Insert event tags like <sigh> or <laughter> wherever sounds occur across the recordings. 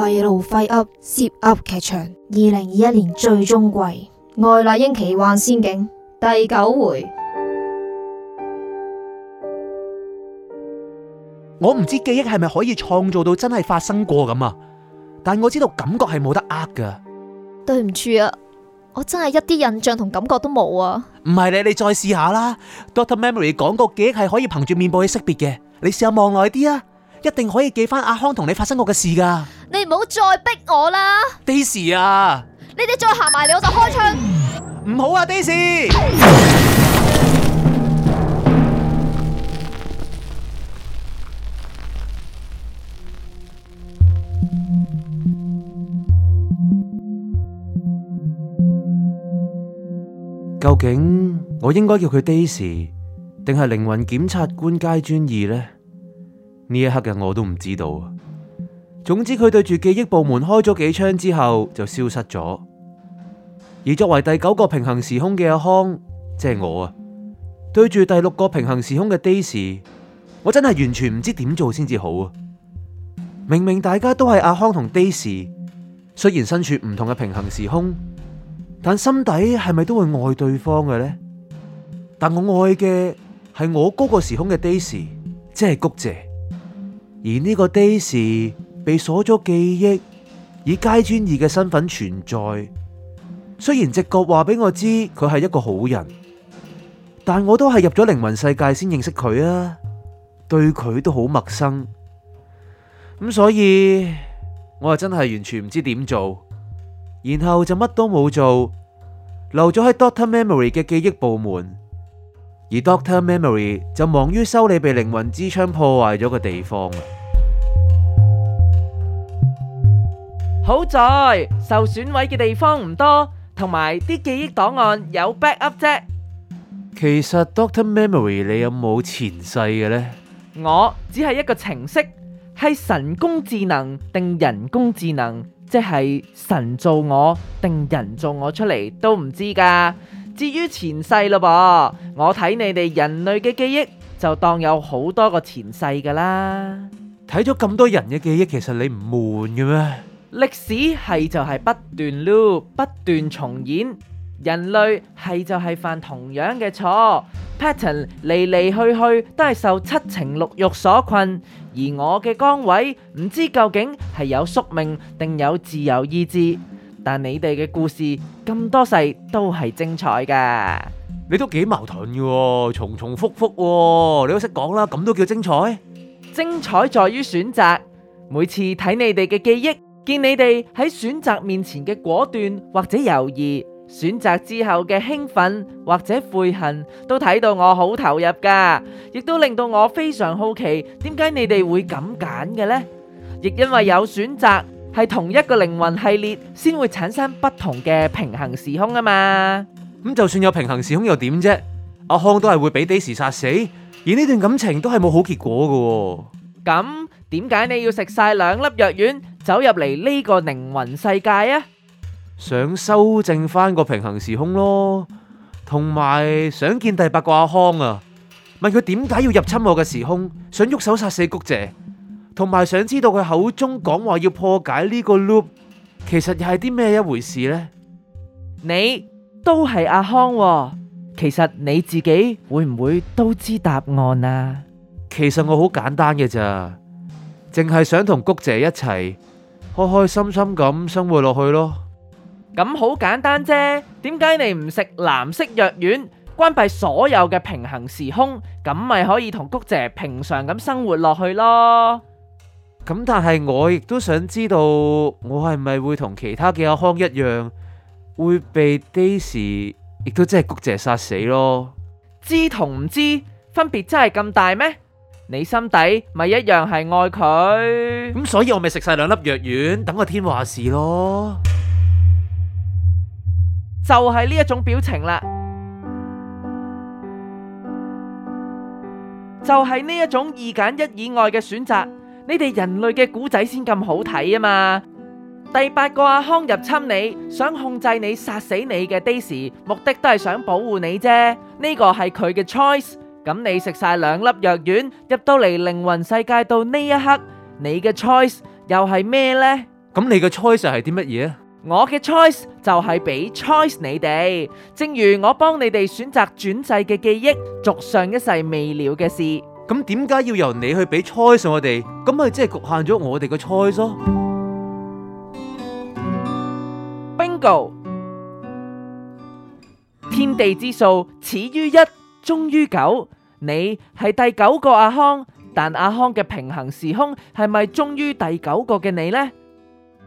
廢噏廢噏，Zip 噏劇場。二零二一年最終季《愛麗英奇幻仙境》第九回。我唔知記憶係咪可以創造到真係發生過咁啊？但我知道感覺係冇得呃噶。對唔住啊，我真係一啲印象同感覺都冇啊。唔係你，你再試下啦。Doctor Memory 講過，記憶係可以憑住面部去識別嘅，你試下望耐啲啊。一定可以記翻阿康同你發生過嘅事噶，你唔好再逼我啦，Daisy 啊！你哋再行埋嚟，我就開槍。唔好啊，Daisy！究竟我應該叫佢 Daisy，定係靈魂檢察官階專二咧？呢一刻嘅我都唔知道。總之佢對住記憶部門開咗幾槍之後就消失咗。而作為第九個平衡時空嘅阿康，即係我啊，對住第六個平衡時空嘅 Daisy，我真係完全唔知點做先至好。明明大家都係阿康同 Daisy，雖然身處唔同嘅平衡時空，但心底係咪都會愛對方嘅呢？但我愛嘅係我嗰個時空嘅 Daisy，即係谷姐。而呢個 Days 被鎖咗記憶，以街專二嘅身份存在。雖然直覺話俾我知佢係一個好人，但我都係入咗靈魂世界先認識佢啊，對佢都好陌生。咁所以，我啊真係完全唔知點做，然後就乜都冇做，留咗喺 Doctor Memory 嘅記憶部門。而 Doctor Memory 就忙於修理被靈魂之槍破壞咗嘅地方。好在受損毀嘅地方唔多，同埋啲記憶檔案有 backup 啫。其實 Doctor Memory，你有冇前世嘅呢？我只係一個程式，係神工智能定人工智能，即係神做我定人造我出嚟都唔知噶。至於前世咯噃，我睇你哋人類嘅記憶，就當有好多個前世噶啦。睇咗咁多人嘅記憶，其實你唔悶嘅咩？歷史係就係不斷 loop，不斷重演。人類係就係犯同樣嘅錯。Pattern 嚟嚟去去都係受七情六欲所困。而我嘅崗位，唔知究竟係有宿命定有自由意志。但你哋嘅故事咁多世都係精彩噶。你都幾矛盾嘅，重重複複，你都識講啦，咁都叫精彩？精彩在於選擇，每次睇你哋嘅記憶，見你哋喺選擇面前嘅果斷或者猶豫，選擇之後嘅興奮或者悔恨，都睇到我好投入噶，亦都令到我非常好奇，點解你哋會咁揀嘅咧？亦因為有選擇。係同一個靈魂系列，先會產生不同嘅平衡時空啊嘛！咁就算有平衡時空又點啫？阿康都係會俾地 a i 殺死，而呢段感情都係冇好結果嘅。咁點解你要食晒兩粒藥丸走入嚟呢個靈魂世界啊？想修正翻個平衡時空咯，同埋想見第八個阿康啊！問佢點解要入侵我嘅時空，想喐手殺死谷姐。同埋，想知道佢口中講話要破解呢個 loop，其實又係啲咩一回事呢？你都係阿康喎，其實你自己會唔會都知答案啊？其實我好簡單嘅咋，淨係想同谷姐一齊開開心心咁生活落去咯。咁好簡單啫，點解你唔食藍色藥丸，關閉所有嘅平行時空，咁咪可以同谷姐平常咁生活落去咯？咁但係我亦都想知道，我係咪會同其他嘅阿康一樣會被 Daisy 亦都真係谷蔗殺死咯？知同唔知分別真係咁大咩？你心底咪一樣係愛佢？咁、嗯、所以我咪食晒兩粒藥丸，等個天話事咯。就係呢一種表情啦，就係呢一種二揀一以外嘅選擇。你哋人類嘅古仔先咁好睇啊嘛！第八個阿康入侵你，想控制你、殺死你嘅 Deus，目的都係想保護你啫。呢、這個係佢嘅 choice。咁、嗯、你食晒兩粒藥丸入到嚟靈魂世界，到呢一刻，你嘅 choice 又係咩呢？咁你嘅 choice 係啲乜嘢啊？我嘅 choice 就係俾 choice 你哋，正如我幫你哋選擇轉世嘅記憶，續上一世未了嘅事。咁點解要由你去畀 choice 我哋？咁咪即係局限咗我哋嘅 choice 囉。Bingo！天地之數始於一，終於九。你係第九個阿匡，但阿匡嘅平行時空係咪終於第九個嘅你呢？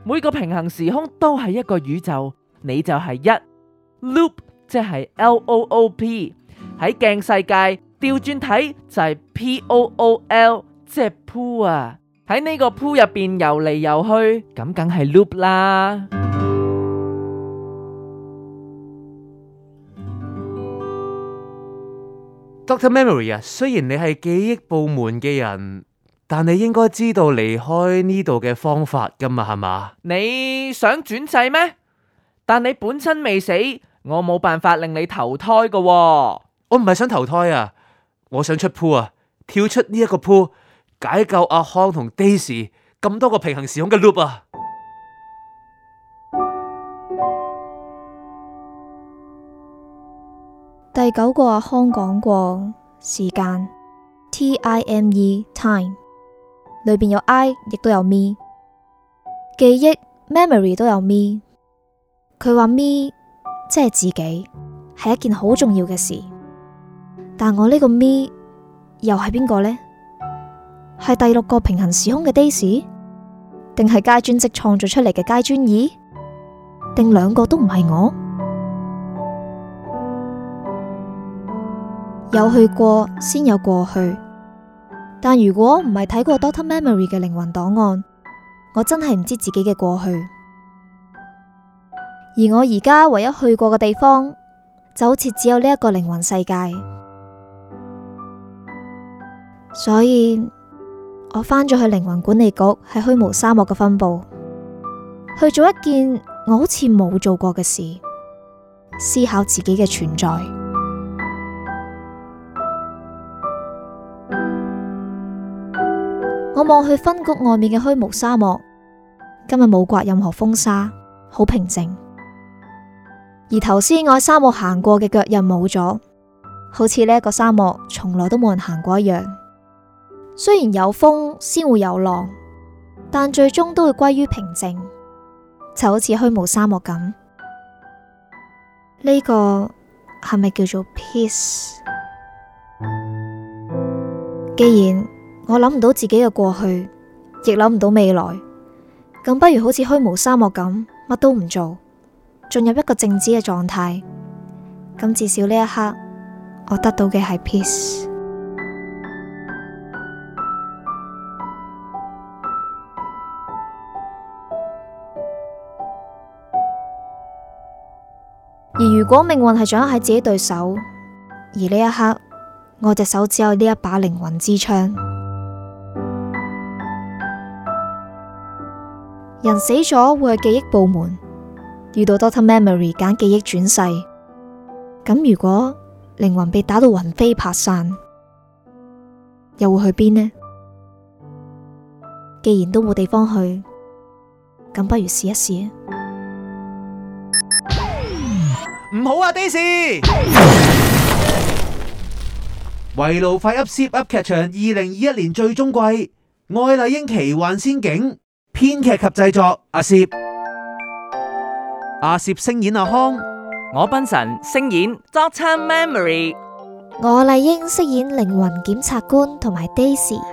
每個平行時空都係一個宇宙，你就係一。Loop，即係 L O O P 喺鏡世界。調轉睇就係、是、P O O L，即係 pool 啊！喺呢個 pool 入邊游嚟游去，咁梗係 loop 啦。Doctor Memory 啊，Memory, 雖然你係記憶部門嘅人，但你應該知道離開呢度嘅方法噶嘛，係嘛？你想轉制咩？但你本身未死，我冇辦法令你投胎噶、哦。我唔係想投胎啊！我想出鋪啊，跳出呢一個鋪，解救阿康同 Daisy 咁多個平行時空嘅 loop 啊！第九個阿康講過時間 （time），time 裏邊有 i，亦都有 me。記憶 （memory） 都有 me。佢話 me 即係自己，係一件好重要嘅事。但我呢個咪，又係邊個呢？係第六個平行時空嘅 days，定係加專職創造出嚟嘅加專二，定兩個都唔係我？ <music> 有去過先有過去，但如果唔係睇過 Doctor Memory 嘅靈魂檔案，我真係唔知自己嘅過去。而我而家唯一去過嘅地方，就好似只有呢一個靈魂世界。所以我返咗去靈魂管理局喺虛無沙漠嘅分部，去做一件我好似冇做過嘅事，思考自己嘅存在。我望去分局外面嘅虛無沙漠，今日冇颳任何風沙，好平靜，而頭先我喺沙漠行過嘅腳印冇咗，好似呢一個沙漠從來都冇人行過一樣。雖然有風先會有浪，但最終都會歸於平靜，就好似虛無沙漠咁。呢個係咪叫做 peace？既然我諗唔到自己嘅過去，亦諗唔到未來，咁不如好似虛無沙漠咁，乜都唔做，進入一個靜止嘅狀態。咁至少呢一刻，我得到嘅係 peace。如果命運係掌握喺自己對手，而呢一刻我隻手只有呢一把靈魂之槍。人死咗會去記憶部門，遇到 Dr. Memory 揀記憶轉世。咁如果靈魂被打到魂飛魄散，又會去邊呢？既然都冇地方去，咁不如試一試。唔好啊，Daisy！圍爐 <noise> 快 up，up，up 劇場二零二一年最終季《愛麗英奇幻仙境》，編劇及製作阿薛，阿薛聲演阿康，我斌神聲演 Doctor Memory，我麗英飾演靈魂檢察官同埋 Daisy。